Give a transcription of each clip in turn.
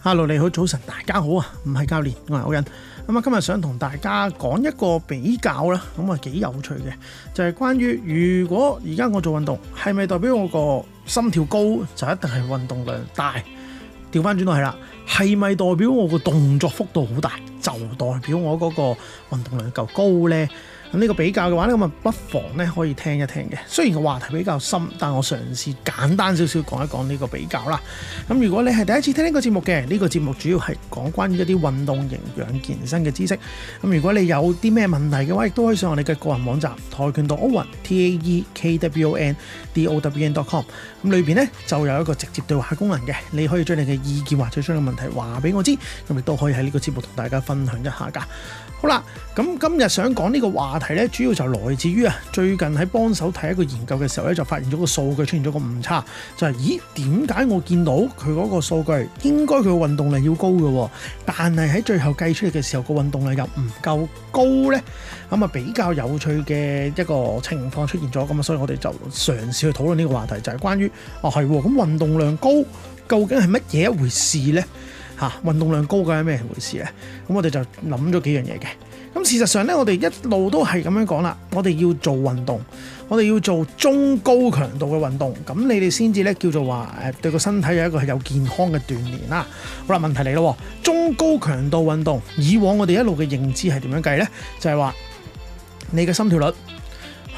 哈嘍，Hello, 你好，早晨，大家好啊！唔係教練，我係 Owen。咁啊，今日想同大家講一個比較啦，咁啊幾有趣嘅，就係關於如果而家我做運動，係咪代表我個心跳高就一定係運動量大？調翻轉到係啦，係咪代表我個動作幅度好大，就代表我嗰個運動量夠高呢？咁呢個比較嘅話咧，咁啊不妨咧可以聽一聽嘅。雖然個話題比較深，但我嘗試簡單少少講一講呢個比較啦。咁如果你係第一次聽呢個節目嘅，呢、呢個節目主要係講關於一啲運動營養健身嘅知識。咁如果你有啲咩問題嘅話，亦都可以上我哋嘅個人網站跆拳道 Owen，T A E K W O N D O W E N dot com。咁裏面咧就有一個直接對話功能嘅，你可以將你嘅意見或者將你嘅問題話俾我知，咁亦都可以喺呢個節目同大家分享一下㗎。好啦，咁今日想講呢個話題咧主要就來自於啊，最近喺幫手睇一個研究嘅時候咧，就發現咗個數據出現咗個誤差，就係咦，就係咦點解我見到佢嗰個數據應該佢運動量要高嘅，但係喺最後計出嚟嘅時候個運動量又唔夠高呢？咁啊比較有趣嘅一個情況出現咗。咁啊，所以我哋就嘗試去討論呢個話題，就係、是、關於哦，係咁運動量高究竟係乜嘢一回事呢？啊」嚇運動量高嘅係咩回事咧？咁我哋就諗咗幾樣嘢嘅。咁事實上咧，我哋一路都係咁樣講啦，我哋要做運動，我哋要做中高強度嘅運動，咁你哋先至咧叫做話誒對個身體有一個係有健康嘅鍛煉啦。好啦，問題嚟咯，中高強度運動以往我哋一路嘅認知係點樣計呢？就係話你嘅心跳率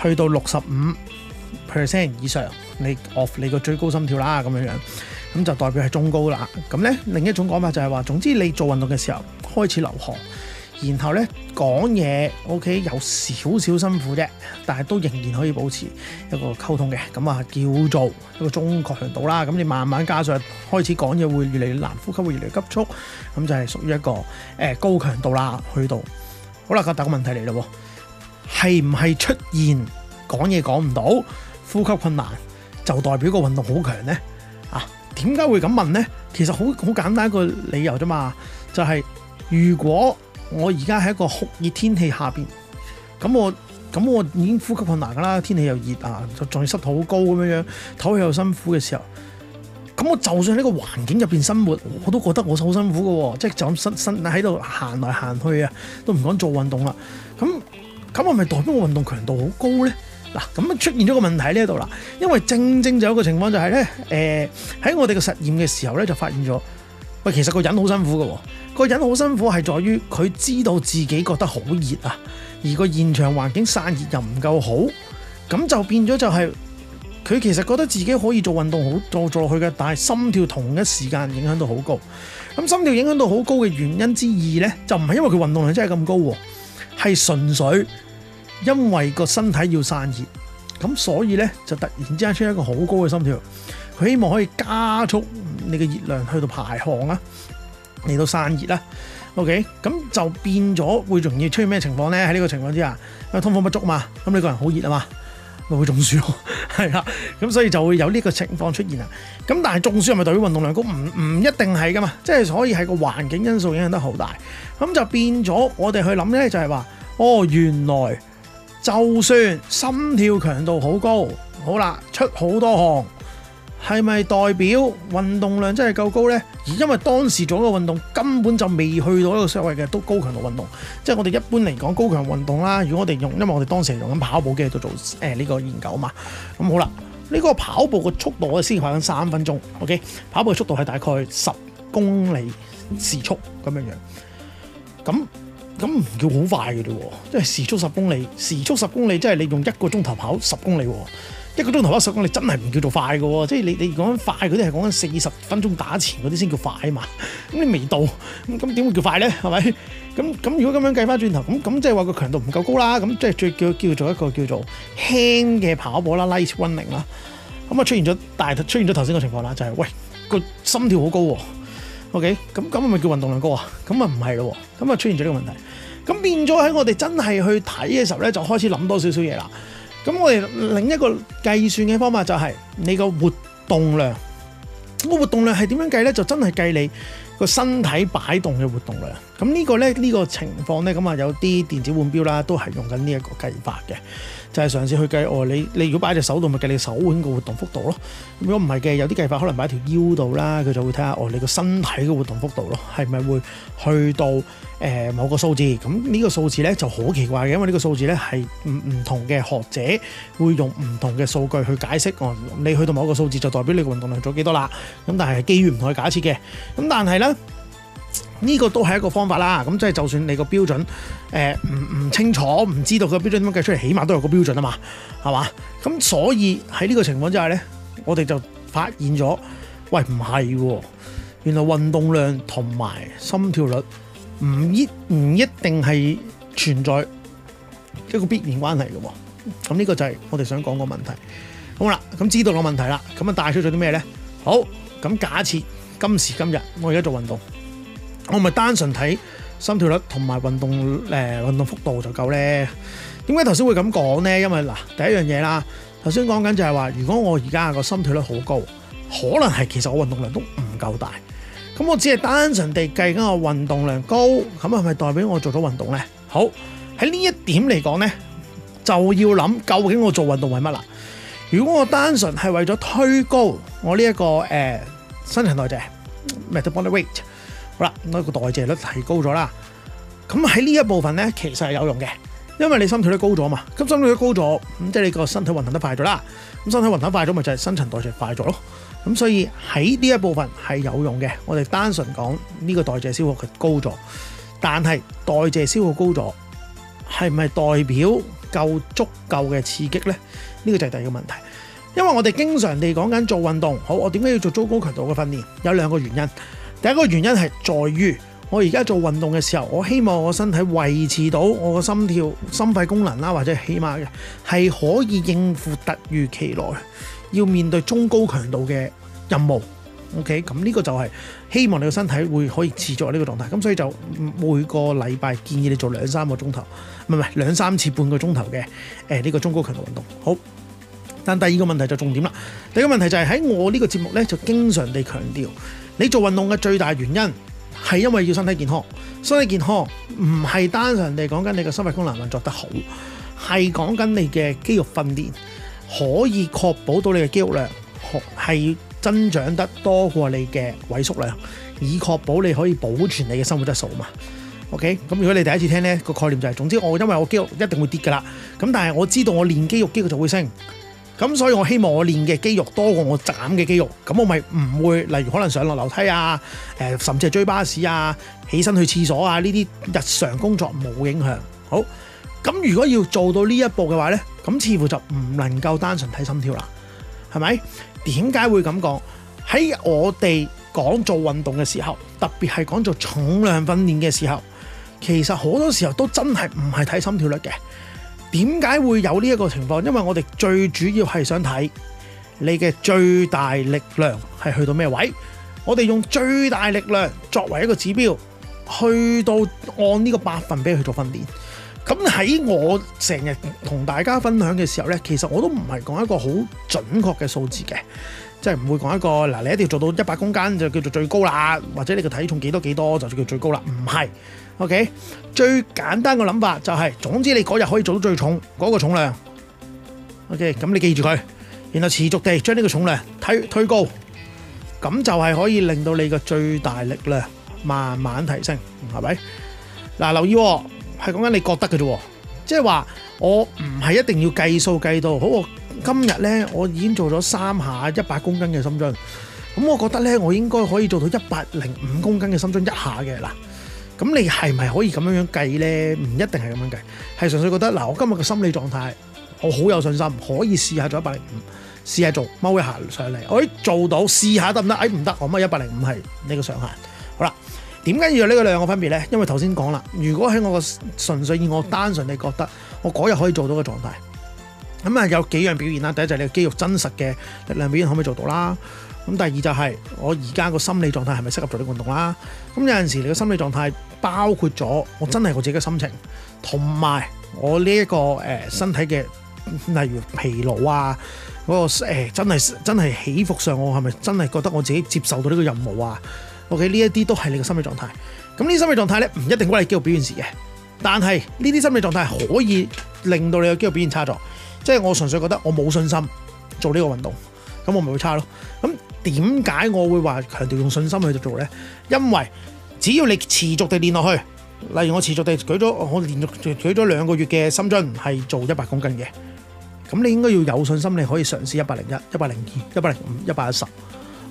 去到六十五 percent 以上，你 off 你個最高心跳啦，咁樣樣，咁就代表係中高啦。咁呢，另一種講法就係話，總之你做運動嘅時候開始流汗。然後呢講嘢，OK 有少少辛苦啫，但係都仍然可以保持一個溝通嘅，咁啊叫做一個中強度啦。咁你慢慢加上開始講嘢會越嚟越難，呼吸會越嚟越急促，咁就係屬於一個誒、呃、高強度啦去到。好啦，咁、那、第二個問題嚟咯，係唔係出現講嘢講唔到，呼吸困難就代表個運動好強呢？啊，點解會咁問呢？其實好好簡單一個理由啫嘛，就係、是、如果。我而家喺一個酷熱天氣下邊，咁我咁我已經呼吸困難㗎啦，天氣又熱啊，仲要濕度好高咁樣樣，唞氣又辛苦嘅時候，咁我就算喺呢個環境入邊生活，我都覺得我好辛苦嘅喎、哦，即係就咁身身喺度行嚟行去啊，都唔敢做運動啦，咁咁係咪代表我運動強度好高咧？嗱，咁出現咗個問題呢度啦，因為正正就有一個情況就係、是、咧，誒、呃、喺我哋嘅實驗嘅時候咧，就發現咗。喂，其實個人好辛苦嘅，個人好辛苦係在於佢知道自己覺得好熱啊，而個現場環境散熱又唔夠好，咁就變咗就係佢其實覺得自己可以做運動好做做落去嘅，但係心跳同一時間影響到好高，咁心跳影響到好高嘅原因之一呢，就唔係因為佢運動量真係咁高，係純粹因為個身體要散熱，咁所以呢，就突然之間出一個好高嘅心跳。佢希望可以加速你嘅熱量去到排汗啦，嚟到散熱啦。O K，咁就變咗會容易出現咩情況咧？喺呢個情況之下，因為通風不足嘛，咁你個人好熱啊嘛，咪會中暑咯，係 啦。咁所以就會有呢個情況出現啦。咁但係中暑係咪對於運動量高？唔唔一定係噶嘛，即係所以係個環境因素影響得好大。咁就變咗我哋去諗咧，就係話哦，原來就算心跳強度好高，好啦，出好多汗。係咪代表運動量真係夠高呢？而因為當時做嘅運動根本就未去到一個所謂嘅，都高強度運動，即係我哋一般嚟講高強運動啦。如果我哋用，因為我哋當時用緊跑步機度做誒呢個研究啊嘛。咁好啦，呢個跑步嘅速度我先跑緊三分鐘，ok，跑步嘅速度係大概十公里時速咁樣樣。咁咁唔叫好快嘅啫，即係時速十公里，時速十公里，即係你用一個鐘頭跑十公里。一個鐘頭一十公里真係唔叫做快嘅，即係你你講緊快嗰啲係講緊四十分鐘打前嗰啲先叫快啊嘛。咁你未到，咁點會叫快咧？係咪？咁咁如果咁樣計翻轉頭，咁咁即係話個強度唔夠高啦。咁即係最叫叫，叫做一個叫做輕嘅跑步啦，light running 啦。咁啊出現咗大出現咗頭先嘅情況啦，就係、係、喂個心跳好高喎。OK，咁咁係咪叫運動量高啊？咁啊唔係咯，咁啊出現咗呢個問題。咁變咗喺我哋真係去睇嘅時候咧，就開始諗多少少嘢啦。咁我哋另一個計算嘅方法就係你個活、嗰個活動量，個活動量係點樣計咧？就真係計你。個身體擺動嘅活動量，咁呢個咧，呢個情況咧，咁啊有啲電子腕錶啦，都係用緊呢一個計法嘅，就係、是、嘗試去計哦，你你如果擺隻手度咪計你手腕個活動幅度咯，如果唔係嘅，有啲計法可能擺條腰度啦，佢就會睇下哦你個身體嘅活動幅度咯，係咪會去到誒、呃、某個數字？咁呢個數字咧就好奇怪嘅，因為呢個數字咧係唔唔同嘅學者會用唔同嘅數據去解釋哦，你去到某一個數字就代表你個運動量做幾多啦，咁但係基於唔同嘅假設嘅，咁但係。呢個都係一個方法啦，咁即係就算你個標準誒唔唔清楚，唔知道佢個標準點樣計出嚟，起碼都有個標準啊嘛，係嘛？咁所以喺呢個情況之下呢，我哋就發現咗，喂唔係，原來運動量同埋心跳率唔一唔一定係存在一個必然關係嘅。咁呢個就係我哋想講個問題。好啦，咁知道個問題啦，咁啊帶出咗啲咩呢？好，咁假設。今時今日，我而家做運動，我唔係單純睇心跳率同埋運動、呃、運動幅度就夠呢？點解頭先會咁講呢？因為嗱第一樣嘢啦，頭先講緊就係話，如果我而家個心跳率好高，可能係其實我運動量都唔夠大。咁我只係單純地計緊我運動量高，咁係咪代表我做咗運動呢？好，喺呢一點嚟講呢，就要諗究竟我做運動為乜啦？如果我單純係為咗推高我呢、這、一個、呃、新陳代謝。meta body weight，好啦，我、那個代謝率提高咗啦。咁喺呢一部分咧，其實係有用嘅，因為你心跳率高咗嘛。咁心率都高咗，咁即係你個身體運行都快咗啦。咁身體運行快咗，咪就係新陳代謝快咗咯。咁所以喺呢一部分係有用嘅。我哋單純講呢個代謝消耗佢高咗，但係代謝消耗高咗，係咪代表夠足夠嘅刺激咧？呢、這個就係第二個問題。因為我哋經常地講緊做運動，好，我點解要做中高強度嘅訓練？有兩個原因。第一個原因係在於我而家做運動嘅時候，我希望我身體維持到我個心跳、心肺功能啦，或者起碼嘅係可以應付突如其來要面對中高強度嘅任務。OK，咁呢個就係希望你嘅身體會可以持續喺呢個狀態。咁所以就每個禮拜建議你做兩三個鐘頭，唔係唔係兩三次半個鐘頭嘅，誒呢個中高強度運動。好。但第二個問題就重點啦。第二個問題就係喺我呢個節目呢，就經常地強調你做運動嘅最大原因係因為要身體健康。身體健康唔係單純地講緊你嘅心肺功能運作得好，係講緊你嘅肌肉訓練可以確保到你嘅肌肉量係增長得多過你嘅萎縮量，以確保你可以保存你嘅生活質素嘛。OK，咁如果你第一次聽呢、個概念就係、是、總之我因為我肌肉一定會跌噶啦，咁但係我知道我練肌肉，肌肉就會升。咁所以我希望我練嘅肌肉多過我斬嘅肌肉，咁我咪唔會，例如可能上落樓梯啊，誒，甚至係追巴士啊，起身去廁所啊，呢啲日常工作冇影響。好，咁如果要做到呢一步嘅話呢，咁似乎就唔能夠單純睇心跳啦，係咪？點解會咁講？喺我哋講做運動嘅時候，特別係講做重量訓練嘅時候，其實好多時候都真係唔係睇心跳率嘅。點解會有呢一個情況？因為我哋最主要係想睇你嘅最大力量係去到咩位。我哋用最大力量作為一個指標，去到按呢個百分比去做訓練。咁喺我成日同大家分享嘅時候呢，其實我都唔係講一個好準確嘅數字嘅，即係唔會講一個嗱，你一定要做到一百公斤就叫做最高啦，或者你嘅體重幾多幾多就叫做最高啦，唔係。O.K. 最簡單嘅諗法就係、是，總之你嗰日可以做到最重嗰個重量。O.K. 咁你記住佢，然後持續地將呢個重量睇推，推高，咁就係可以令到你嘅最大力量慢慢提升，係咪？嗱，留意係講緊你覺得嘅啫，即係話我唔係一定要計數計到，好，我今日呢，我已經做咗三下一百公斤嘅深蹲，咁我覺得呢，我應該可以做到一百零五公斤嘅深蹲一下嘅，嗱。咁你係咪可以咁樣樣計呢？唔一定係咁樣計，係純粹覺得嗱，我今日嘅心理狀態，我好有信心，可以試下做一百零五，試下做踎一下上嚟，我可以做到，試下得唔得？哎，唔得，我咪一百零五係呢個上限。好啦，點解要呢個兩個分別呢？因為頭先講啦，如果喺我個純粹以我單純你覺得，我嗰日可以做到嘅狀態，咁啊有幾樣表現啦。第一就係、是、你嘅肌肉真實嘅力量表現可唔可以做到啦？咁第二就係我而家個心理狀態係咪適合做呢個運動啦？咁有陣時你個心理狀態包括咗我真係我自己嘅心情，同埋我呢一個誒身體嘅，例如疲勞啊，嗰個誒真係真係起伏上，我係咪真係覺得我自己接受到呢個任務啊？OK，呢一啲都係你嘅心理狀態。咁呢啲心理狀態咧，唔一定關你肌肉表現時嘅，但係呢啲心理狀態可以令到你嘅肌肉表現差咗。即係我純粹覺得我冇信心做呢個運動。咁我咪會差咯。咁點解我會話強調用信心去做呢？因為只要你持續地練落去，例如我持續地舉咗，我連續舉咗兩個月嘅深蹲係做一百公斤嘅。咁你應該要有信心，你可以嘗試一百零一、一百零二、一百零五、一百一十。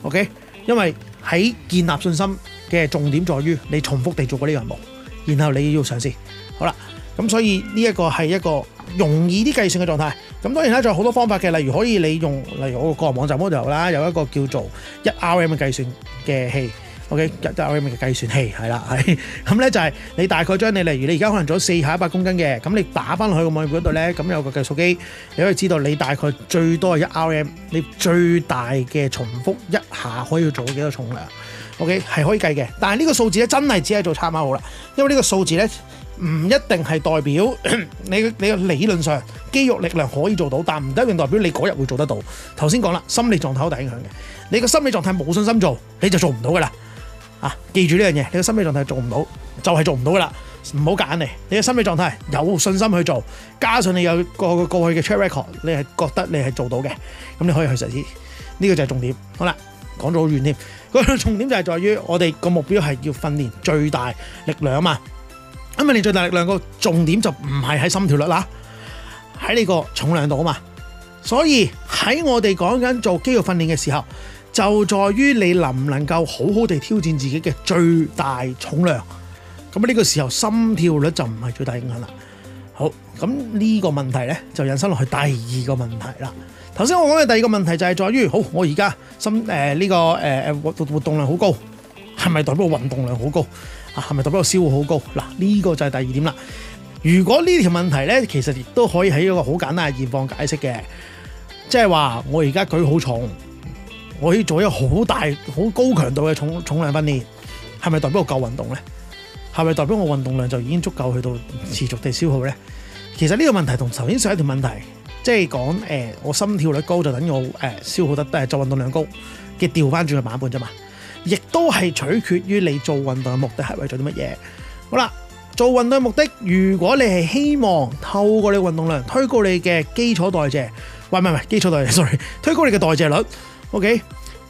OK，因為喺建立信心嘅重點在於你重複地做過呢個任務，然後你要嘗試。好啦，咁所以呢一個係一個。容易啲計算嘅狀態，咁當然啦，仲有好多方法嘅，例如可以你用，例如我個個人網站 model 啦，有一個叫做一 RM 嘅計算嘅器，OK 一 RM 嘅計算器係啦，係，咁咧就係你大概將你例如你而家可能做四下一百公斤嘅，咁你打翻落去個網頁嗰度咧，咁有個計數機，你可以知道你大概最多係一 RM，你最大嘅重複一下可以做幾多重量，OK 係可以計嘅，但係呢個數字咧真係只係做參考好啦，因為呢個數字咧。唔一定係代表你你嘅理論上肌肉力量可以做到，但唔一定代表你嗰日會做得到。頭先講啦，心理狀態好大影響嘅。你嘅心理狀態冇信心做，你就做唔到噶啦。啊，記住呢樣嘢，你嘅心理狀態做唔到就係做唔到噶啦。唔好揀你，你嘅心理狀態有信心去做，加上你有過過去嘅 track record，你係覺得你係做到嘅，咁你可以去實施。呢個就係重點。好啦，講咗好遠添。個重點就係在於我哋個目標係要訓練最大力量啊嘛。因為，你最大力量個重點就唔係喺心跳率啦，喺呢個重量度啊嘛。所以喺我哋講緊做肌肉訓練嘅時候，就在於你能唔能夠好好地挑戰自己嘅最大重量。咁呢個時候心跳率就唔係最大影響啦。好，咁呢個問題呢，就引申落去第二個問題啦。頭先我講嘅第二個問題就係在於，好，我而家心誒呢、呃這個誒誒、呃、活動量好高，係咪代表運動量好高？啊，係咪代表我消耗好高？嗱，呢個就係第二點啦。如果呢條問題咧，其實亦都可以喺一個好簡單嘅現況解釋嘅，即係話我而家舉好重，我可以做一個好大、好高強度嘅重重量訓練，係咪代表我夠運動咧？係咪代表我運動量就已經足夠去到持續地消耗咧？其實呢個問題同頭先上一條問題，即係講誒，我心跳率高就等我誒消耗得誒做運動量高，嘅掉返轉去版本啫嘛。亦都係取決於你做運動嘅目的係為咗啲乜嘢？好啦，做運動嘅目的，如果你係希望透過你運動量推高你嘅基礎代謝，喂唔係唔係基礎代謝，sorry，推高你嘅代謝率，ok，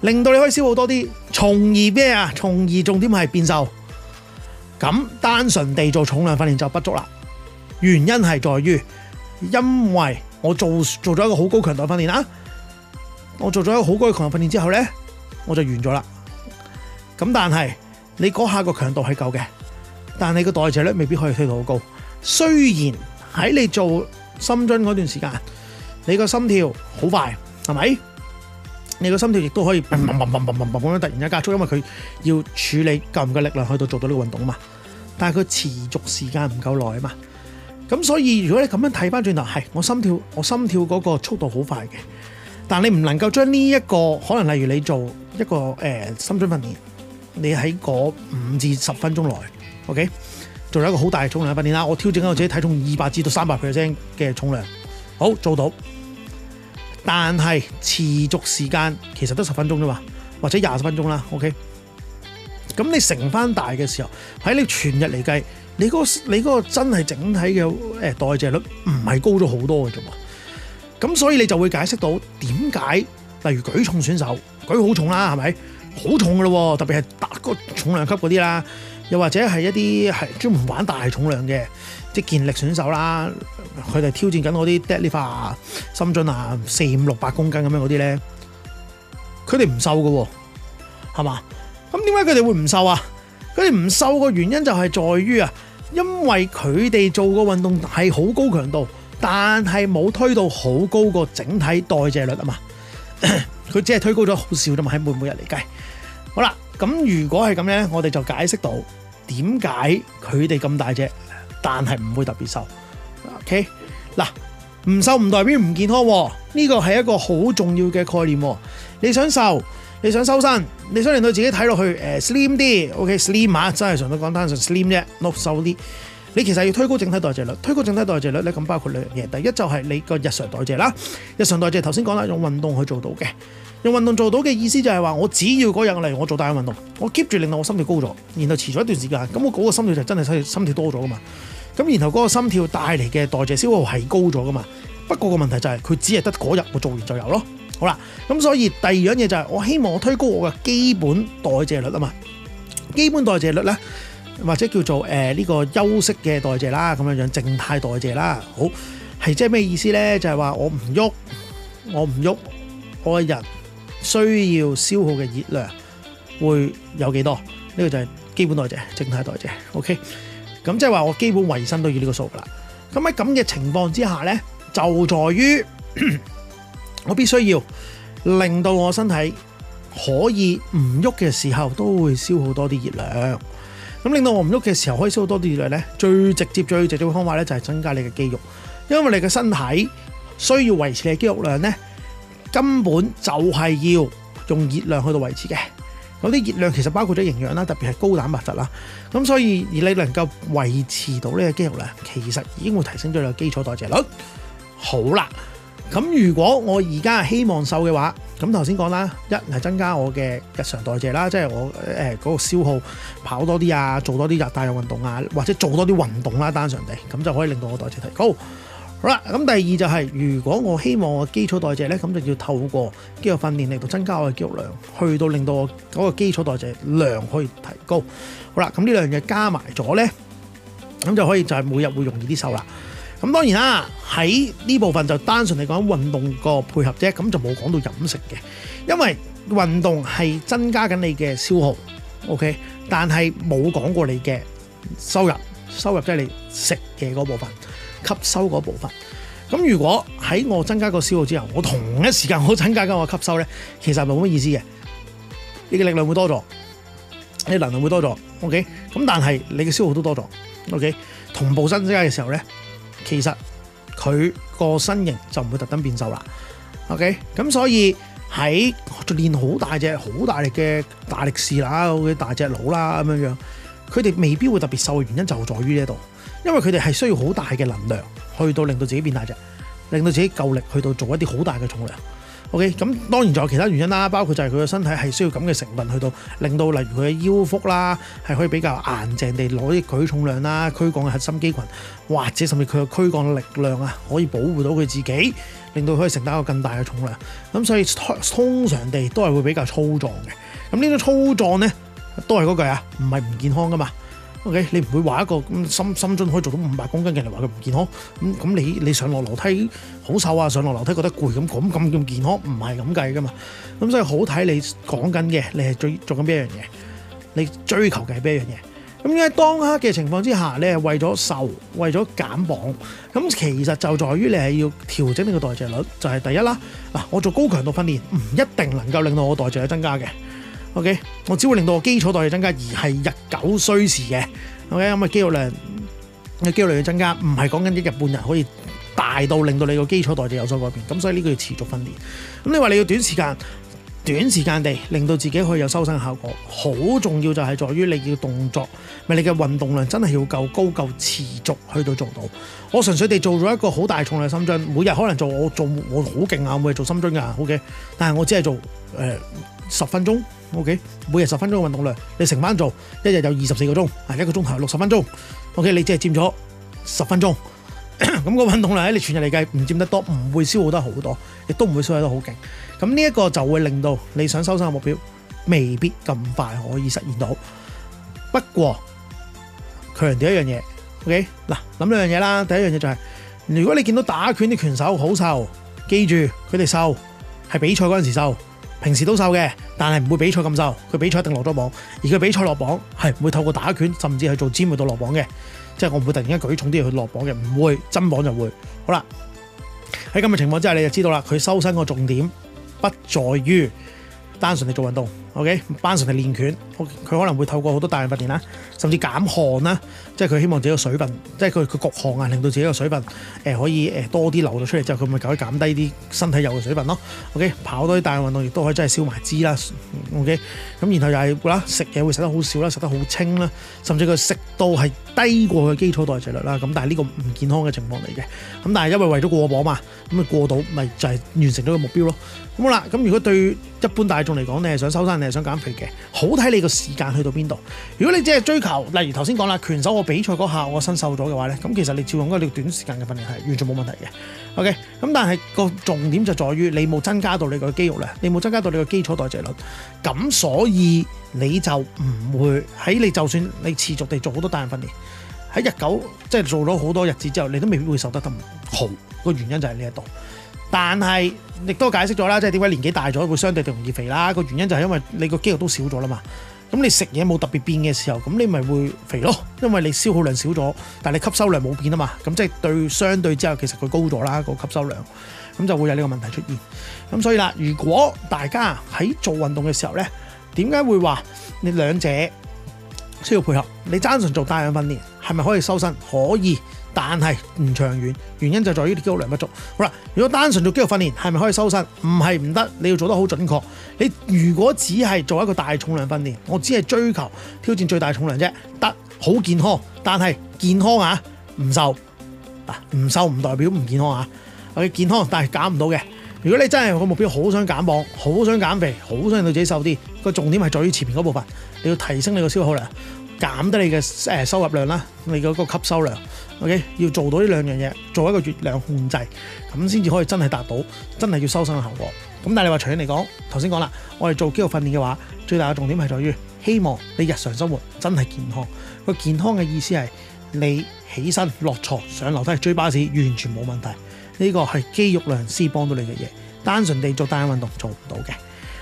令到你可以消耗多啲，從而咩啊？從而重點係變瘦。咁單純地做重量訓練就不足啦。原因係在於，因為我做做咗一個好高強度嘅訓練啊，我做咗一個好高嘅強度訓練之後呢，我就完咗啦。咁但係你嗰下個強度係夠嘅，但係你個代謝率未必可以推到好高。雖然喺你做深蹲嗰段時間，你個心跳好快，係咪？你個心跳亦都可以突然間加速，因為佢要處理夠唔夠力量去到做到呢個運動嘛。但係佢持續時間唔夠耐啊嘛。咁所以如果你咁樣睇翻轉頭，係我心跳，我心跳嗰個速度好快嘅，但你唔能夠將呢一個可能，例如你做一個誒、呃、深蹲訓練。你喺嗰五至十分鐘內，OK，做咗一個好大嘅重量嘅訓練啦。我調整我自己體重二百至到三百 percent 嘅重量，好做到。但係持續時間其實得十分鐘啫嘛，或者廿十分鐘啦，OK。咁你成翻大嘅時候，喺你全日嚟計，你嗰、嗰個、你嗰個真係整體嘅誒代謝率唔係高咗好多嘅啫嘛。咁所以你就會解釋到點解例如舉重選手舉好重啦、啊，係咪？好重噶咯，特別係大個重量級嗰啲啦，又或者係一啲係專門玩大重量嘅，即係健力選手啦，佢哋挑戰緊嗰啲 deadlift 啊、深蹲啊、四五六百公斤咁樣嗰啲咧，佢哋唔瘦噶，係嘛？咁點解佢哋會唔瘦啊？佢哋唔瘦個原因就係在於啊，因為佢哋做個運動係好高強度，但係冇推到好高個整體代謝率啊嘛，佢 只係推高咗好少啫嘛，喺每每日嚟計。好啦，咁如果係咁呢，我哋就解釋到點解佢哋咁大隻，但係唔會特別瘦。O K，嗱，唔瘦唔代表唔健康，呢個係一個好重要嘅概念。你想瘦，你想修身，你想令到自己睇落去誒、欸、slim 啲，O、OK? K，slim 嘛、啊，真係純粹講單純 slim 啫，not 瘦啲。你其實要推高整體代謝率，推高整體代謝率呢，咁包括兩樣嘢，第一就係你個日常代謝啦，日常代謝頭先講啦，用運動去做到嘅。用運動做到嘅意思就係話，我只要嗰日嚟，例如我做帶氧運動，我 keep 住令到我心跳高咗，然後持咗一段時間，咁我嗰個心跳就真係心跳多咗噶嘛。咁然後嗰個心跳帶嚟嘅代謝消耗係高咗噶嘛。不過個問題就係佢只係得嗰日我做完就有咯。好啦，咁所以第二樣嘢就係我希望我推高我嘅基本代謝率啊嘛。基本代謝率咧，或者叫做誒呢、呃這個休息嘅代謝啦，咁樣樣靜態代謝啦，好係即係咩意思咧？就係、是、話我唔喐，我唔喐嗰日。我個人需要消耗嘅熱量會有幾多？呢個就係基本代謝、靜態代謝。OK，咁即係話我基本維生都要呢個數噶啦。咁喺咁嘅情況之下呢，就在於 我必須要令到我身體可以唔喐嘅時候都會消耗多啲熱量。咁令到我唔喐嘅時候可以消耗多啲熱量呢，最直接、最直接嘅方法呢，就係增加你嘅肌肉，因為你嘅身體需要維持嘅肌肉量呢。根本就係要用熱量去到維持嘅，咁啲熱量其實包括咗營養啦，特別係高蛋白質啦，咁所以而你能夠維持到呢個肌肉量，其實已經會提升咗你基礎代謝率。好啦，咁如果我而家希望瘦嘅話，咁頭先講啦，一係增加我嘅日常代謝啦，即係我誒嗰個消耗跑多啲啊，做多啲日帶氧運動啊，或者做多啲運動啦，單純地咁就可以令到我代謝提高。好啦，咁第二就係如果我希望我基礎代謝咧，咁就要透過肌肉訓練嚟到增加我嘅肌肉量，去到令到我個基礎代謝量可以提高。好啦，咁呢兩樣嘢加埋咗咧，咁就可以就係每日會容易啲瘦啦。咁當然啦，喺呢部分就單純嚟講運動個配合啫，咁就冇講到飲食嘅，因為運動係增加緊你嘅消耗，OK，但係冇講過你嘅收入。收入即係你食嘢嗰部分，吸收嗰部分。咁如果喺我增加個消耗之後，我同一時間我增加緊我吸收咧，其實就冇乜意思嘅。你嘅力量會多咗，你嘅能量會多咗。OK，咁但係你嘅消耗都多咗。OK，同步增加嘅時候咧，其實佢個身形就唔會特登變瘦啦。OK，咁所以喺練好大隻、好大力嘅大力士啦，嗰啲大隻佬啦，咁樣樣。佢哋未必會特別瘦嘅原因就喺於呢度，因為佢哋係需要好大嘅能量去到令到自己變大啫，令到自己夠力去到做一啲好大嘅重量。OK，咁當然仲有其他原因啦，包括就係佢嘅身體係需要咁嘅成分去到令到例如佢嘅腰腹啦，係可以比較硬淨地攞啲舉重量啦、軀幹嘅核心肌群，或者甚至佢嘅軀幹力量啊，可以保護到佢自己，令到佢可以承擔一個更大嘅重量。咁所以通常地都係會比較粗壯嘅。咁呢種粗壯呢？都係嗰句啊，唔係唔健康噶嘛。OK，你唔會話一個咁深深蹲可以做到五百公斤嘅人話佢唔健康。咁咁你你上落樓梯好瘦啊，上落樓梯覺得攰咁咁咁健康？唔係咁計噶嘛。咁所以好睇你講緊嘅，你係最做緊咩樣嘢？你追求嘅係咩樣嘢？咁喺當刻嘅情況之下，你係為咗瘦，為咗減磅。咁其實就在於你係要調整你個代謝率，就係第一啦。嗱，我做高強度訓練唔一定能夠令到我代謝率增加嘅。O.K. 我只會令到我基礎代謝增加，而係日久需時嘅。O.K. 咁啊，肌肉量、嘅肌肉量嘅增加，唔係講緊一日半日可以大到令到你個基礎代謝有所改變。咁所以呢個要持續訓練。咁你話你要短時間、短時間地令到自己去有修身效果，好重要就係在於你要動作，咪你嘅運動量真係要夠高、夠持續去到做到。我純粹地做咗一個好大重量深蹲，每日可能做我做我好勁啊，每日做深蹲噶。O.K. 但係我只係做誒十分鐘。O.K. 每日十分鐘嘅運動量，你成班做，一日有二十四個鐘，啊一個鐘頭六十分鐘。O.K. 你只係佔咗十分鐘，咁個運動量咧，你全日嚟計唔佔得多，唔會消耗得好多，亦都唔會消耗得好勁。咁呢一個就會令到你想收身嘅目標未必咁快可以實現到。不過強調一樣嘢，O.K. 嗱諗兩樣嘢啦。第一樣嘢就係，如果你見到打拳啲拳手好瘦，記住佢哋瘦係比賽嗰陣時瘦。平時都瘦嘅，但係唔會比賽咁瘦。佢比賽一定落咗榜，而佢比賽落榜係唔會透過打拳，甚至係做 gym 去到落榜嘅。即係我唔會突然間舉重啲去落榜嘅，唔會，增磅就會。好啦，喺咁嘅情況之下，你就知道啦。佢修身個重點不在於單純地做運動，OK，單純係練拳，佢可能會透過好多大量發電啦，甚至減汗啦，即係佢希望自己嘅水分，即係佢佢焗汗啊，令到自己嘅水分誒、呃、可以誒多啲流到出嚟之後，佢咪可以減低啲身體有嘅水分咯。OK，跑多啲大量運動亦都可以真係燒埋脂啦。OK，咁然後又係啦，食嘢會食得好少啦，食得好清啦，甚至佢食到係低過佢基礎代謝率啦。咁但係呢個唔健康嘅情況嚟嘅。咁但係因為為咗過磅嘛，咁咪過到咪就係完成咗個目標咯。咁好啦，咁如果對一般大眾嚟講，你係想收身，你係想減肥嘅，好睇你個時間去到邊度？如果你只係追求，例如頭先講啦，拳手我比賽嗰下我身瘦咗嘅話呢，咁其實你照用樣你短時間嘅訓練係完全冇問題嘅。OK，咁但係個重點就在於你冇增加到你個肌肉量，你冇增加到你個基礎代謝率，咁所以你就唔會喺你就算你持續地做好多單人訓練，喺日久即係、就是、做咗好多日子之後，你都未必會瘦得咁好。個原因就係呢一度，但係亦都解釋咗啦，即係點解年紀大咗會相對地容易肥啦？個原因就係因為你個肌肉都少咗啦嘛。咁你食嘢冇特別變嘅時候，咁你咪會肥咯，因為你消耗量少咗，但係你吸收量冇變啊嘛，咁即係對相對之後其實佢高咗啦個吸收量，咁就會有呢個問題出現。咁所以啦，如果大家喺做運動嘅時候呢，點解會話你兩者需要配合？你單純做帶氧訓練係咪可以修身？可以。但係唔長遠，原因就在於肌肉量不足。好啦，如果單純做肌肉訓練，係咪可以修身？唔係唔得，你要做得好準確。你如果只係做一個大重量訓練，我只係追求挑戰最大的重量啫，得好健康。但係健康啊，唔瘦啊，唔瘦唔代表唔健康啊。我嘅健康，但係減唔到嘅。如果你真係個目標，好想減磅，好想減肥，好想令到自己瘦啲，個重點係在於前面嗰部分，你要提升你嘅消耗量，減得你嘅誒收入量啦，你嗰個吸收量。O、okay? K，要做到呢兩樣嘢，做一個月亮控制，咁先至可以真係達到，真係要收身嘅效果。咁但係你話，除咗嚟講，頭先講啦，我哋做肌肉訓練嘅話，最大嘅重點係在於，希望你日常生活真係健康。個健康嘅意思係，你起身落床、上樓梯、追巴士完全冇問題。呢個係肌肉量師幫到你嘅嘢，單純地做單人運動做唔到嘅。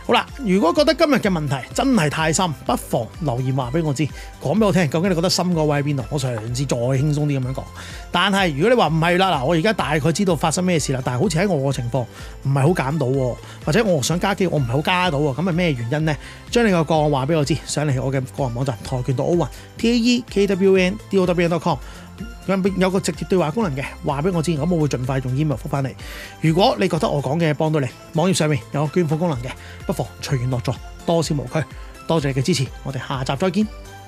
好啦，如果覺得今日嘅問題真係太深，不妨留言話俾我知，講俾我聽，究竟你覺得深個位喺邊度？我嘗試再輕鬆啲咁樣講。但係如果你話唔係啦，嗱，我而家大概知道發生咩事啦，但係好似喺我嘅情況唔係好減到，或者我想加肌我唔係好加到喎。咁係咩原因呢？將你個個案話俾我知，上嚟我嘅個人網站跆拳道奧運 t a e k w o n d o w e n dot com。有個直接對話功能嘅，話俾我知，我會盡快用 email 覆返你。如果你覺得我講嘅幫到你，網頁上面有個捐款功能嘅，不妨隨緣落座，多少無拘，多謝你嘅支持，我哋下集再見。